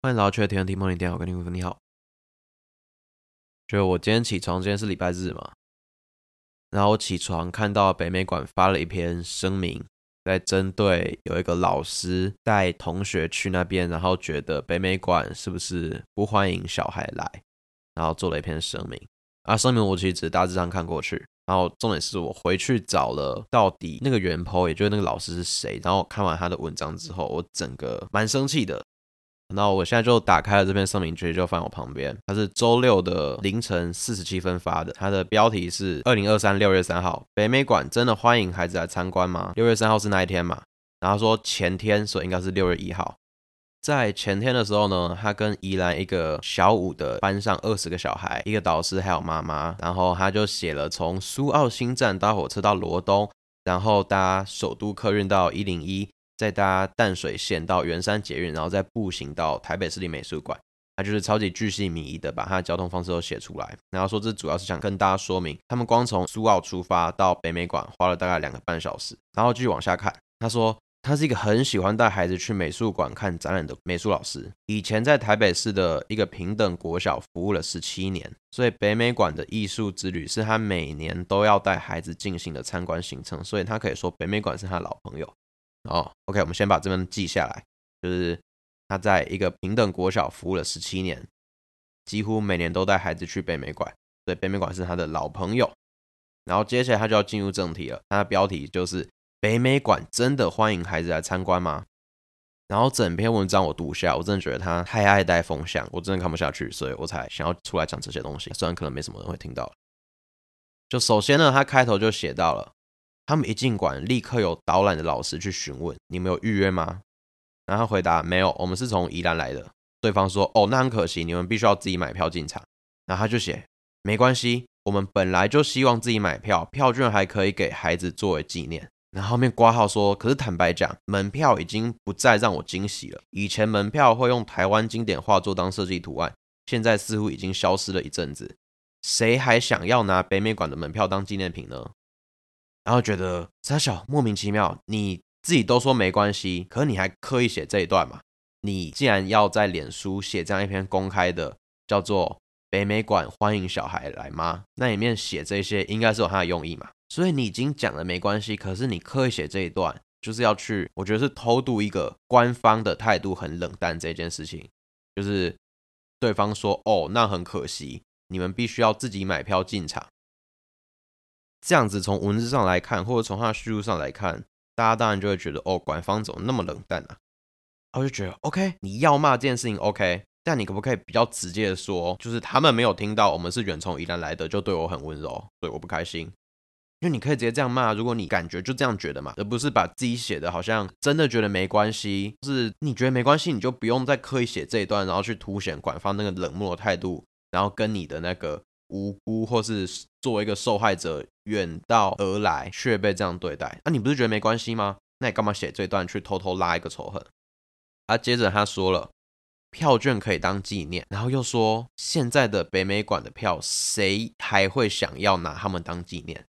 歡迎老去的聽眾朋友，你好，各位聽眾，你好。就我今天起床，今天是禮拜日嘛，然後我起床看到北美館發了一篇聲明，在針對有一個老師帶同學去那邊，然後覺得北美館是不是不歡迎小孩來，然後做了一篇聲明。啊，聲明我其實只是大致上看過去，然後重點是我回去找了到底那個原 PO，也就是那個老師是誰，然後我看完他的文章之後，我整個蠻生氣的。那我現在就打開了這篇聲明，直接就放我旁邊。它是周六的凌晨四十七分發的。它的標題是6月3號“二零二三六月三號北美館真的歡迎孩子來參觀嗎？”六月三號是那一天嘛？然後說前天，所以應該是六月一號。在前天的時候呢，他跟宜蘭一個小五的班上二十個小孩，一個導師還有媽媽，然後他就寫了從蘇澳新站搭火車到羅東，然後搭首都客運到一零一，再搭淡水線到圓山捷運，然後再步行到台北市立美術館。他就是超級巨細靡遺的把他的交通方式都寫出來，然後說這主要是想跟大家說明，他們光從蘇澳出發到北美館花了大概兩個半小時。然後繼續往下看，他說他是一個很喜歡帶孩子去美術館看展覽的美術老師，以前在台北市的一個平等國小服務了十七年，所以北美館的藝術之旅是他每年都要帶孩子進行的參觀行程，所以他可以說北美館是他的老朋友。哦，OK，我們先把這邊記下來。就是他在一個平等國小服務了十七年，幾乎每年都帶孩子去北美館，所以北美館是他的老朋友。然後接下來他就要進入正題了，他的標題就是“北美館真的歡迎孩子來參觀嗎？”然後整篇文章我讀下來，我真的覺得他太愛帶風向，我真的看不下去，所以我才想要出來講這些東西。雖然可能沒什麼人會聽到。就首先呢，他開頭就寫到了。他們一進館，立刻有導覽的老師去詢問：“你們有預約嗎？”然後他回答：“沒有，我們是從宜蘭來的。”對方說：“哦，那很可惜，你們必須要自己買票進場。”然後他就寫：“沒關係，我們本來就希望自己買票，票券還可以給孩子作為紀念。”然後後面括號說：“可是坦白講，門票已經不再讓我驚喜了。以前門票會用台灣經典畫作當設計圖案，現在似乎已經消失了一陣子。誰還想要拿北美館的門票當紀念品呢？”然後覺得三小莫名其妙，你自己都說沒關係，可是你還刻意寫這一段嘛？你既然要在臉書寫這樣一篇公開的，叫做“北美館歡迎小孩來嗎？”那裡面寫這些，應該是有他的用意嘛？所以你已經講了沒關係，可是你刻意寫這一段，就是要去，我覺得是偷渡一個官方的態度很冷淡這件事情，就是對方說：“哦，那很可惜，你們必須要自己買票進場。”這樣子從文字上來看，或者從他的敘述上來看，大家當然就會覺得哦，官方怎麼那麼冷淡啊？然後就覺得 OK，你要罵這件事情 OK，但你可不可以比較直接的說，就是他們沒有聽到我們是遠從宜蘭來的，就對我很溫柔，所以我不開心。因為你可以直接這樣罵，如果你感覺就這樣覺得嘛，而不是把自己寫的好像真的覺得沒關係，就是你覺得沒關係，你就不用再刻意寫這一段，然後去凸顯官方那個冷漠的態度，然後跟你的那個無辜或是作為一個受害者。遠道而來，卻被這樣對待。那、啊、你不是覺得沒關係嗎？那你幹嘛寫這段去偷偷拉一個仇恨？啊，接着他說了，票券可以當紀念，然後又說現在的北美館的票，誰還會想要拿他們當紀念？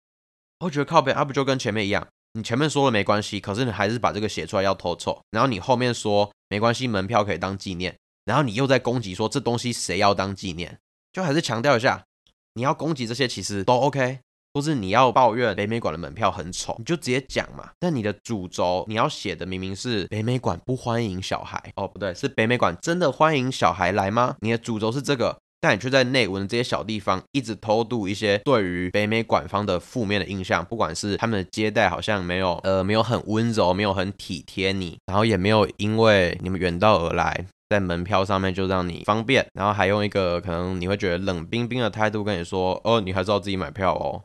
我覺得靠北他、啊、不就跟前面一樣？你前面說了沒關係，可是你還是把這個寫出來要偷臭。然後你後面說沒關係，門票可以當紀念，然後你又在攻擊說這東西誰要當紀念？就還是強調一下，你要攻擊這些其實都 OK。不是你要抱怨北美館的門票很醜，你就直接講嘛。但你的主軸你要寫的明明是北美館不歡迎小孩哦，不對，是北美館真的歡迎小孩來嗎？你的主軸是這個，但你卻在內文這些小地方一直偷渡一些對於北美館方的負面的印象，不管是他們的接待好像沒有呃沒有很溫柔，沒有很體貼你，然後也沒有因為你們遠道而來，在門票上面就讓你方便，然後還用一個可能你會覺得冷冰冰的態度跟你說哦，你還是要自己買票哦。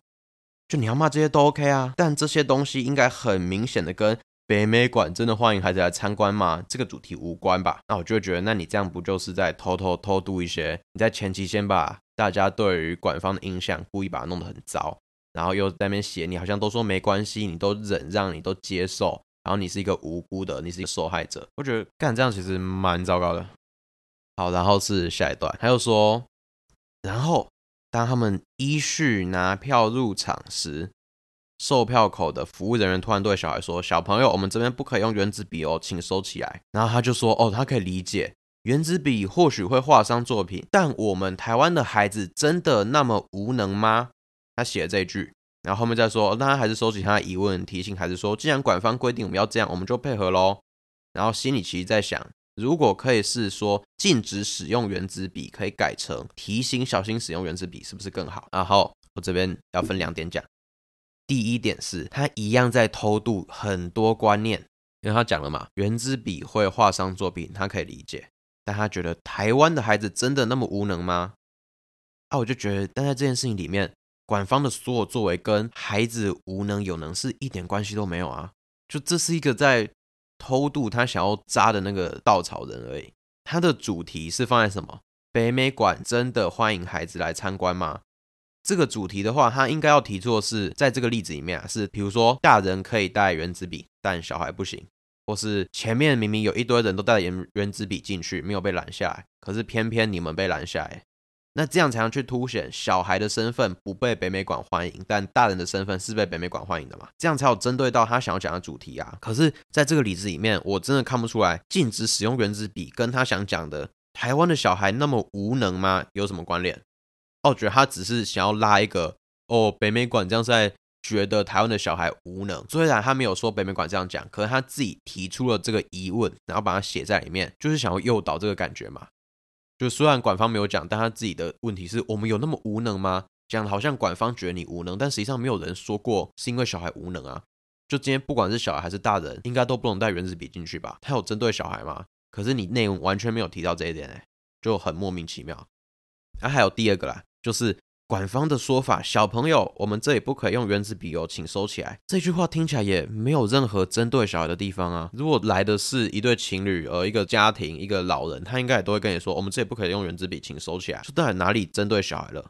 就你要罵這些都 OK 啊，但這些東西應該很明顯的跟北美館真的歡迎孩子來參觀嗎這個主題無關吧？那我就覺得，那你這樣不就是在偷偷偷渡一些？你在前期先把大家對於館方的印象故意把它弄得很糟，然後又在那邊寫你好像都說沒關係，你都忍讓，你都接受，然後你是一個無辜的，你是一個受害者。我覺得幹這樣其實蠻糟糕的。好，然後是下一段，他又說，然後。當他們依序拿票入場時，售票口的服務人員突然對小孩說：“小朋友，我們這邊不可以用原子筆哦，請收起來。”然後他就說：“哦，他可以理解，原子筆或許會劃傷作品，但我們臺灣的孩子真的那麼無能嗎？”他寫了這一句，然後後面再說，哦，但他還是收起他的疑問，提醒孩子說：“既然官方規定我們要這樣，我們就配合嘍。”然後心裡其實在想。如果可以是說禁止使用原子筆，可以改成提醒小心使用原子筆，是不是更好？然後我這邊要分兩點講。第一點是，他一樣在偷渡很多觀念，因為他講了嘛，原子筆會劃傷作品，他可以理解，但他覺得台灣的孩子真的那麼無能嗎？啊，我就覺得，但在這件事情裡面，館方的所有作為跟孩子無能有能是一點關係都沒有啊，就這是一個在。偷渡他想要扎的那個稻草人而已。它的主題是放在什麼？北美館真的歡迎孩子來參觀嗎？這個主題的話，它應該要提出的是在這個例子裡面啊，是比如說大人可以帶原子筆，但小孩不行，或是前面明明有一堆人都帶原原子筆進去，沒有被攔下來，可是偏偏你們被攔下來。那這樣才能去凸顯小孩的身份不被北美館歡迎，但大人的身份是被北美館歡迎的嘛？這樣才有針對到他想要講的主題啊。可是在這個例子裡面，我真的看不出來禁止使用原子筆跟他想講的台灣的小孩那麼無能嗎？有什麼關聯？哦、啊，我覺得他只是想要拉一個哦，北美館這樣在覺得台灣的小孩無能，雖然他沒有說北美館這樣講，可是他自己提出了這個疑問，然後把它寫在裡面，就是想要誘導這個感覺嘛。就雖然官方沒有講，但他自己的問題是我們有那麼無能嗎？講得好像官方覺得你無能，但實際上沒有人說過是因為小孩無能啊。就今天不管是小孩還是大人，應該都不能帶原子筆進去吧？他有針對小孩嗎？可是你內容完全沒有提到這一點，欸，哎，就很莫名其妙。啊，還有第二個啦，就是。館方的說法：“小朋友，我們這裡不可以用原子筆哦，請收起來。”這句話聽起來也沒有任何針對小孩的地方啊。如果來的是一對情侶，呃，一個家庭，一個老人，他應該也都會跟你說：“我們這裡不可以用原子筆，請收起來。”說到底哪裡針對小孩了？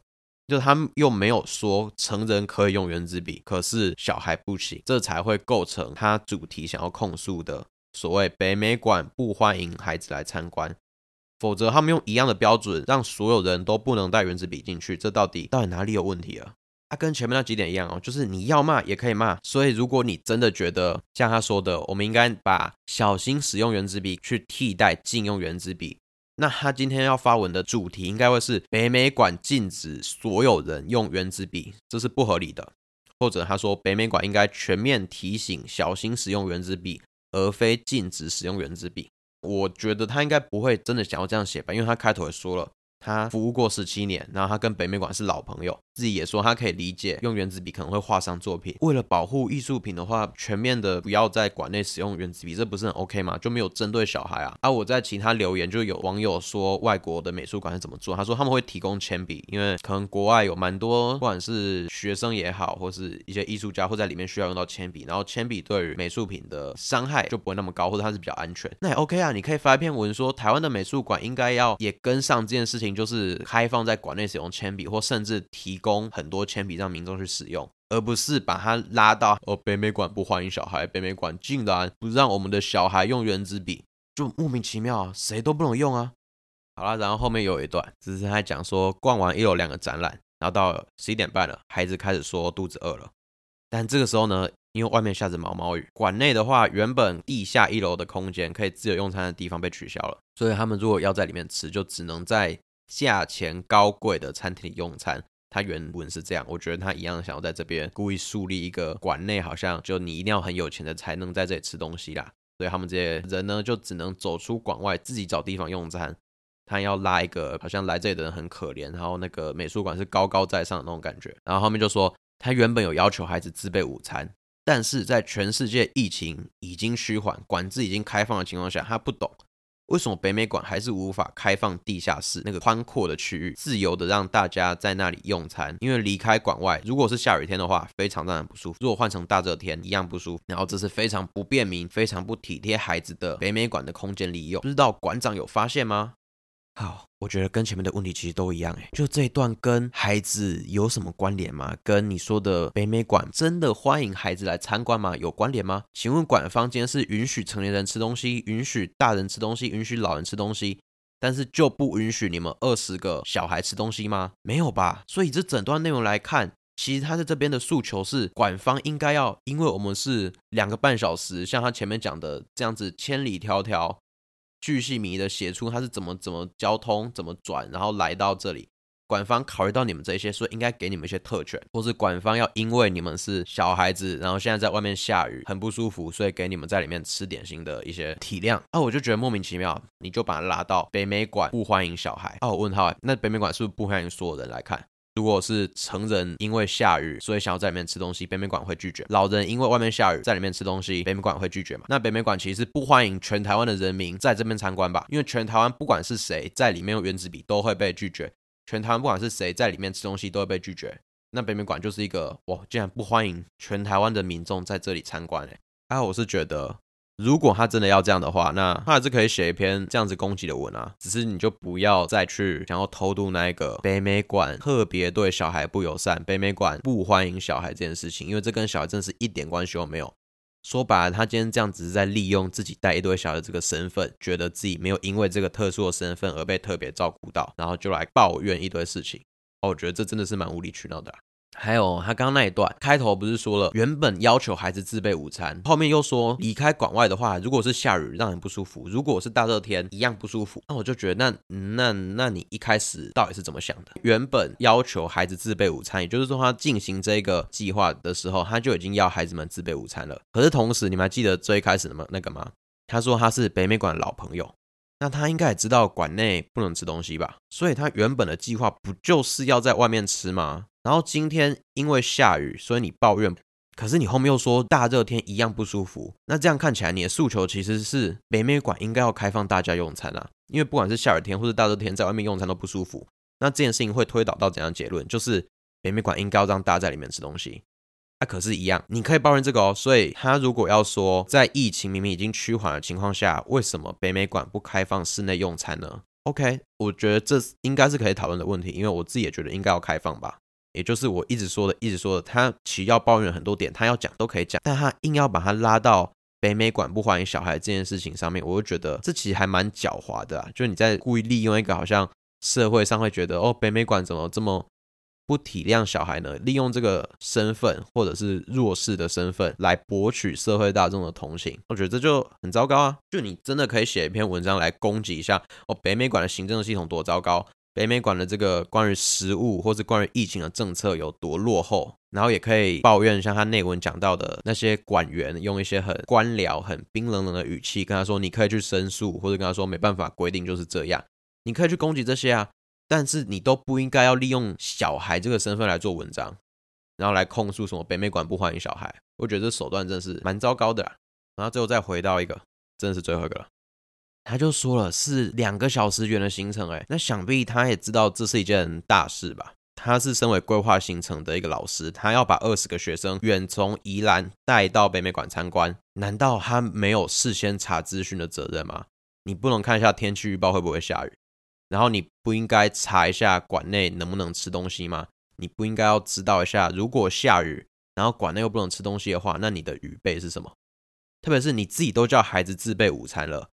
就他們又沒有說成人可以用原子筆，可是小孩不行，這才會構成他主題想要控訴的所謂北美館不歡迎孩子來參觀。否則，他們用一樣的標準讓所有人都不能帶原子筆進去，這到底到底哪裡有問題啊？他、啊、跟前面那幾點一樣哦，就是你要罵也可以罵。所以，如果你真的覺得像他說的，我們應該把小心使用原子筆去替代禁用原子筆，那他今天要發文的主題應該會是北美館禁止所有人用原子筆，這是不合理的。或者他說，北美館應該全面提醒小心使用原子筆，而非禁止使用原子筆。我覺得他應該不會真的想要這樣寫吧，因為他開頭也說了。他服務過十七年，然後他跟北美館是老朋友，自己也說他可以理解用原子筆可能會畫上作品。為了保護藝術品的話，全面的不要在館內使用原子筆，這不是很 OK 嗎？就沒有針對小孩啊。啊，我在其他留言就有網友說外國的美術館是怎麼做，他說他們會提供鉛筆，因為可能國外有蠻多不管是學生也好，或是一些藝術家或在裡面需要用到鉛筆，然後鉛筆對於美術品的傷害就不會那麼高，或者它是比較安全，那也 OK 啊。你可以發一篇文說台灣的美術館應該要也跟上這件事情。就是開放在館內使用鉛筆，或甚至提供很多鉛筆讓民眾去使用，而不是把它拉到哦，北美館不歡迎小孩，北美館竟然不讓我們的小孩用原子筆，就莫名其妙、啊，誰都不能用啊。好啦，然後後面有一段，只是他在講說逛完一樓兩個展覽，然後到十一點半了，孩子開始說肚子餓了。但這個時候呢，因為外面下着毛毛雨，館內的話原本地下一樓的空間可以自由用餐的地方被取消了，所以他們如果要在裡面吃，就只能在。價錢高貴的餐廳裡用餐，他原本是這樣，我覺得他一樣想要在這邊故意樹立一個館內好像就你一定要很有錢的才能在這裡吃東西啦，所以他們這些人呢就只能走出館外自己找地方用餐。他要拉一個好像來這裡的人很可憐，然後那個美術館是高高在上的那種感覺。然後後面就說他原本有要求孩子自備午餐，但是在全世界疫情已經趨緩、管制已經開放的情況下，他不懂。為什麼北美館還是無法開放地下室那個寬闊的區域，自由的讓大家在那裡用餐？因為離開館外，如果是下雨天的話，非常讓人不舒服；如果換成大熱天，一樣不舒服。然後這是非常不便民、非常不體貼孩子的北美館的空間利用，不知道館長有發現嗎？好。我覺得跟前面的問題其實都一樣，哎，就這一段跟孩子有什麼關聯嗎？跟你說的北美館真的歡迎孩子來參觀嗎？有關聯嗎？請問館方今天是允許成年人吃東西，允許大人吃東西，允許老人吃東西，但是就不允許你們二十個小孩吃東西嗎？沒有吧？所以這整段內容來看，其實他在這邊的訴求是，館方應該要，因為我們是兩個半小時，像他前面講的這樣子，千里迢迢。巨細靡遺的寫出他是怎麼怎麼交通怎麼轉，然後來到這裡。館方考慮到你們這些，所以應該給你們一些特權，或是館方要因為你們是小孩子，然後現在在外面下雨很不舒服，所以給你們在裡面吃點心的一些體諒。啊，我就覺得莫名其妙，你就把他拉到北美館不歡迎小孩。啊，我問號，那北美館是不是不歡迎所有人來看？如果是成人因為下雨，所以想要在裡面吃東西，北美館會拒絕；老人因為外面下雨，在裡面吃東西，北美館會拒絕嘛？那北美館其實不歡迎全台灣的人民在這邊參觀吧？因為全台灣不管是誰在裡面用原子筆都會被拒絕，全台灣不管是誰在裡面吃東西都會被拒絕。那北美館就是一個哇，竟然不歡迎全台灣的民眾在這裡參觀嘞、欸！哎、啊，我是覺得。如果他真的要這樣的話，那他還是可以寫一篇這樣子攻擊的文啊。只是你就不要再去想要偷渡那一個北美館，特別對小孩不友善，北美館不歡迎小孩這件事情，因為這跟小孩真的是一點關係都沒有。說白了，他今天這樣只是在利用自己帶一堆小孩這個身份，覺得自己沒有因為這個特殊的身份而被特別照顧到，然後就來抱怨一堆事情。哦，我覺得這真的是蠻無理取鬧的啊。還有他剛剛那一段開頭不是說了，原本要求孩子自備午餐，後面又說離開館外的話，如果是下雨讓人不舒服，如果是大熱天一樣不舒服，那我就覺得那那那你一開始到底是怎麼想的？原本要求孩子自備午餐，也就是說他進行這個計劃的時候，他就已經要孩子們自備午餐了。可是同時你們還記得最開始的嗎？那個嗎？他說他是北美館的老朋友。那他應該也知道館內不能吃東西吧，所以他原本的計劃不就是要在外面吃嗎？然後今天因為下雨，所以你抱怨，可是你後面又說大熱天一樣不舒服。那這樣看起來，你的訴求其實是北美館應該要開放大家用餐啊，因為不管是下雨天或者大熱天，在外面用餐都不舒服。那這件事情會推導到怎樣結論？就是北美館應該要讓大家在裡面吃東西。但可是，一樣，你可以抱怨這個哦。所以，他如果要說在疫情明明已經趨緩的情況下，為什麼北美館不開放室內用餐呢？OK，我覺得這應該是可以討論的問題，因為我自己也覺得應該要開放吧。也就是我一直說的，一直說的，他其實要抱怨很多點，他要講都可以講，但他硬要把他拉到北美館不歡迎小孩這件事情上面，我就覺得這其實還蠻狡猾的啊。就是你在故意利用一個好像社會上會覺得哦，北美館怎麼這麼……不體諒小孩呢，利用這個身份或者是弱勢的身份來博取社會大眾的同情，我覺得這就很糟糕啊！就你真的可以寫一篇文章來攻擊一下哦，北美館的行政系統多糟糕，北美館的這個關於食物或是關於疫情的政策有多落後，然後也可以抱怨像他內文講到的那些館員，用一些很官僚、很冰冷冷的語氣跟他說，你可以去申訴，或者跟他說沒辦法，規定就是這樣，你可以去攻擊這些啊。但是你都不應該要利用小孩這個身份來做文章，然後來控訴什麼北美館不歡迎小孩。我覺得這手段真是蠻糟糕的啦。然後最後再回到一個，真的是最後一個了。他就說了是兩個小時遠的行程。欸，誒，那想必他也知道這是一件大事吧？他是身為規劃行程的一個老師，他要把二十個學生遠從宜蘭帶到北美館參觀，難道他沒有事先查資訊的責任嗎？你不能看一下天氣預報會不會下雨？然後你不應該查一下館內能不能吃東西嗎？你不應該要知道一下，如果下雨，然後館內又不能吃東西的話，那你的雨備是什麼？特別是你自己都叫孩子自備午餐了，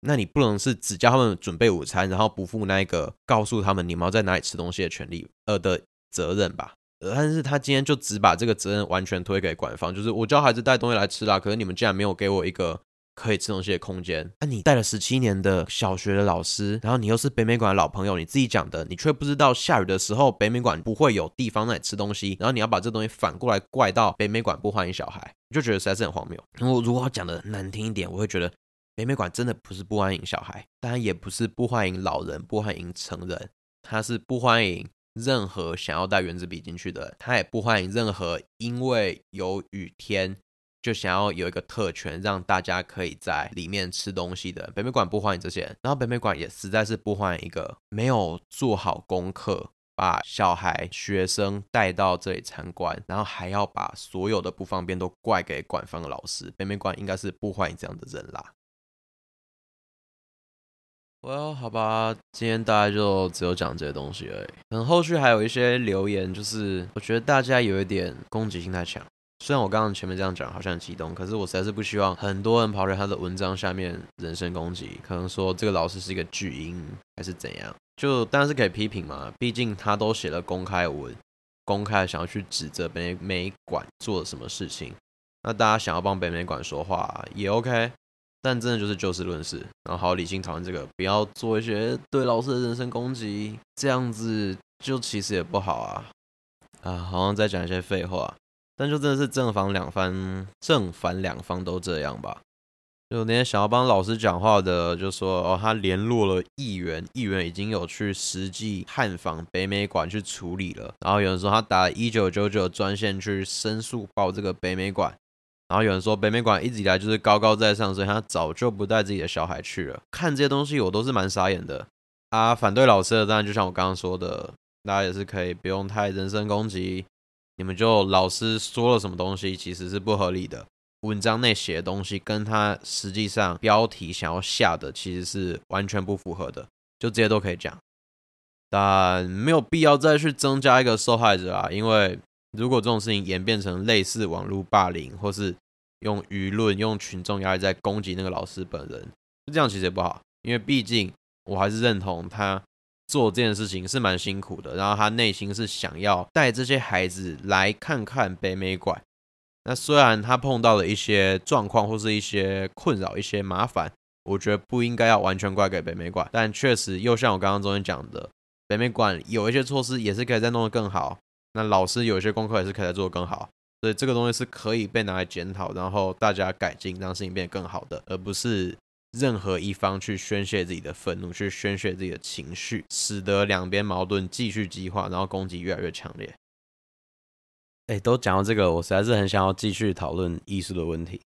那你不能是只叫他們準備午餐，然後不負那一個告訴他們你們要在哪裡吃東西的權利呃的責任吧？但是他今天就只把這個責任完全推給館方，就是我叫孩子帶東西來吃啦，可是你們竟然沒有給我一個。可以吃東西的空間。那你帶了十七年的小學的老師，然後你又是北美館的老朋友，你自己講的，你卻不知道下雨的時候北美館不會有地方來吃東西，然後你要把這東西反過來怪到北美館不歡迎小孩，你就覺得實在是很荒謬。如果講的難聽一點，我會覺得北美館真的不是不歡迎小孩，當然也不是不歡迎老人、不歡迎成人，他是不歡迎任何想要帶原子筆進去的人，他也不歡迎任何因為有雨天。就想要有一個特權，讓大家可以在裡面吃東西的。北美館不歡迎這些，然後北美館也實在是不歡迎一個沒有做好功課，把小孩、學生帶到這裡參觀，然後還要把所有的不方便都怪給館方的老師。北美館應該是不歡迎這樣的人啦。Well，好吧，今天大家就只有講這些東西而已。但後續還有一些留言，就是我覺得大家有一點攻擊性太強。雖然我剛剛前面這樣講，好像很激動，可是我實在是不希望很多人跑到他的文章下面人身攻擊，可能說這個老師是一個巨嬰，還是怎樣？就但是可以批評嘛，畢竟他都寫了公開文，公開想要去指責北美館做了什麼事情，那大家想要幫北美館說話也 OK，但真的就是就事論事，然後好理性討論這個，不要做一些對老師的人身攻擊，這樣子就其實也不好啊。啊，好像在講一些廢話。但就真的是正反兩方，正反兩方都這樣吧。就那些想要幫老師講話的，就說哦，他聯絡了議員，議員已經有去實際探訪北美館去處理了。然後有人說他打1999專線去申訴報這個北美館。然後有人說北美館一直以來就是高高在上，所以他早就不帶自己的小孩去了。看這些東西，我都是蠻傻眼的。啊，反對老師的，當然就像我剛剛說的，大家也是可以不用太人身攻擊。你們就老師說了什麼東西其實是不合理的，文章內寫的東西跟他實際上標題想要下的其實是完全不符合的，就這些都可以講，但沒有必要再去增加一個受害者啊，因為如果這種事情演變成類似網絡霸凌或是用輿論、用群眾壓力在攻擊那個老師本人，這樣其實也不好，因為畢竟我還是認同他。做這件事情是蠻辛苦的，然後他內心是想要帶這些孩子來看看北美館。那雖然他碰到了一些狀況或是一些困擾、一些麻煩，我覺得不應該要完全怪給北美館，但確實又像我剛剛中間講的，北美館有一些措施也是可以再弄得更好，那老師有一些功課也是可以再做得更好，所以這個東西是可以被拿來檢討，然後大家改進，讓事情變得更好的，而不是。任何一方去宣洩自己的憤怒，去宣洩自己的情緒，使得兩邊矛盾繼續激化，然後攻擊越來越強烈。哎，都講到這個，我實在是很想要繼續討論藝術的問題，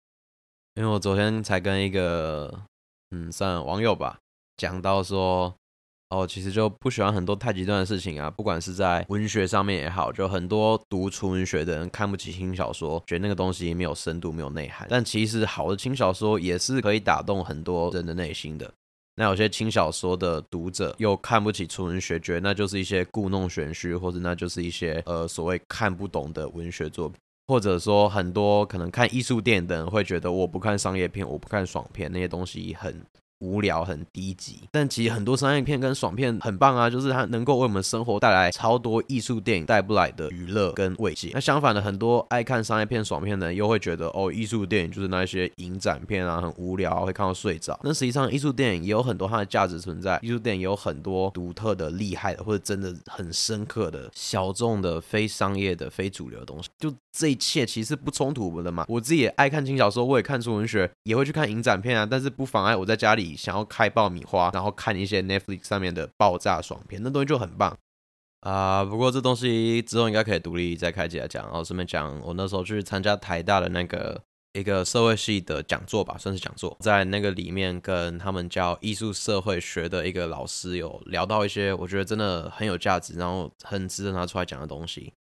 因為我昨天才跟一個嗯，算了，網友吧，講到說。哦，其實就不喜歡很多太極端的事情啊，不管是在文學上面也好，就很多讀純文學的人看不起輕小說，覺得那個東西沒有深度、沒有內涵。但其實好的輕小說也是可以打動很多人的內心的。那有些輕小說的讀者又看不起純文學，覺得那就是一些故弄玄虛，或者那就是一些呃所謂看不懂的文學作品，或者說很多可能看藝術電影的人會覺得，我不看商業片，我不看爽片，那些東西很。無聊很低級，但其實很多商業片跟爽片很棒啊，就是它能夠為我們生活帶來超多藝術電影帶不來的娛樂跟慰藉。那相反的，很多愛看商業片、爽片的人又會覺得，哦，藝術電影就是那些影展片啊，很無聊，會看到睡着。那實際上，藝術電影也有很多它的價值存在。藝術電影有很多獨特的、厲害的或者真的很深刻的小眾的、非商業的、非主流的東西，就。這一切其實不衝突的嘛，我自己也愛看輕小說，我也看書文學，也會去看影展片啊，但是不妨礙我在家裡想要開爆米花，然後看一些 Netflix 上面的爆炸爽片，那東西就很棒啊，呃。不過這東西之後應該可以獨立再開一集來講，然後順便講我那時候去參加台大的那個一個社會系的講座吧，算是講座，在那個裡面跟他們教藝術社會學的一個老師有聊到一些我覺得真的很有價值，然後很值得拿出來講的東西。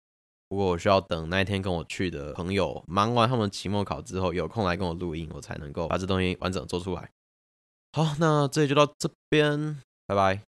不過我需要等那一天跟我去的朋友忙完他們期末考之後，有空來跟我錄音，我才能夠把這東西完整做出來。好，那這期就到這邊，拜拜。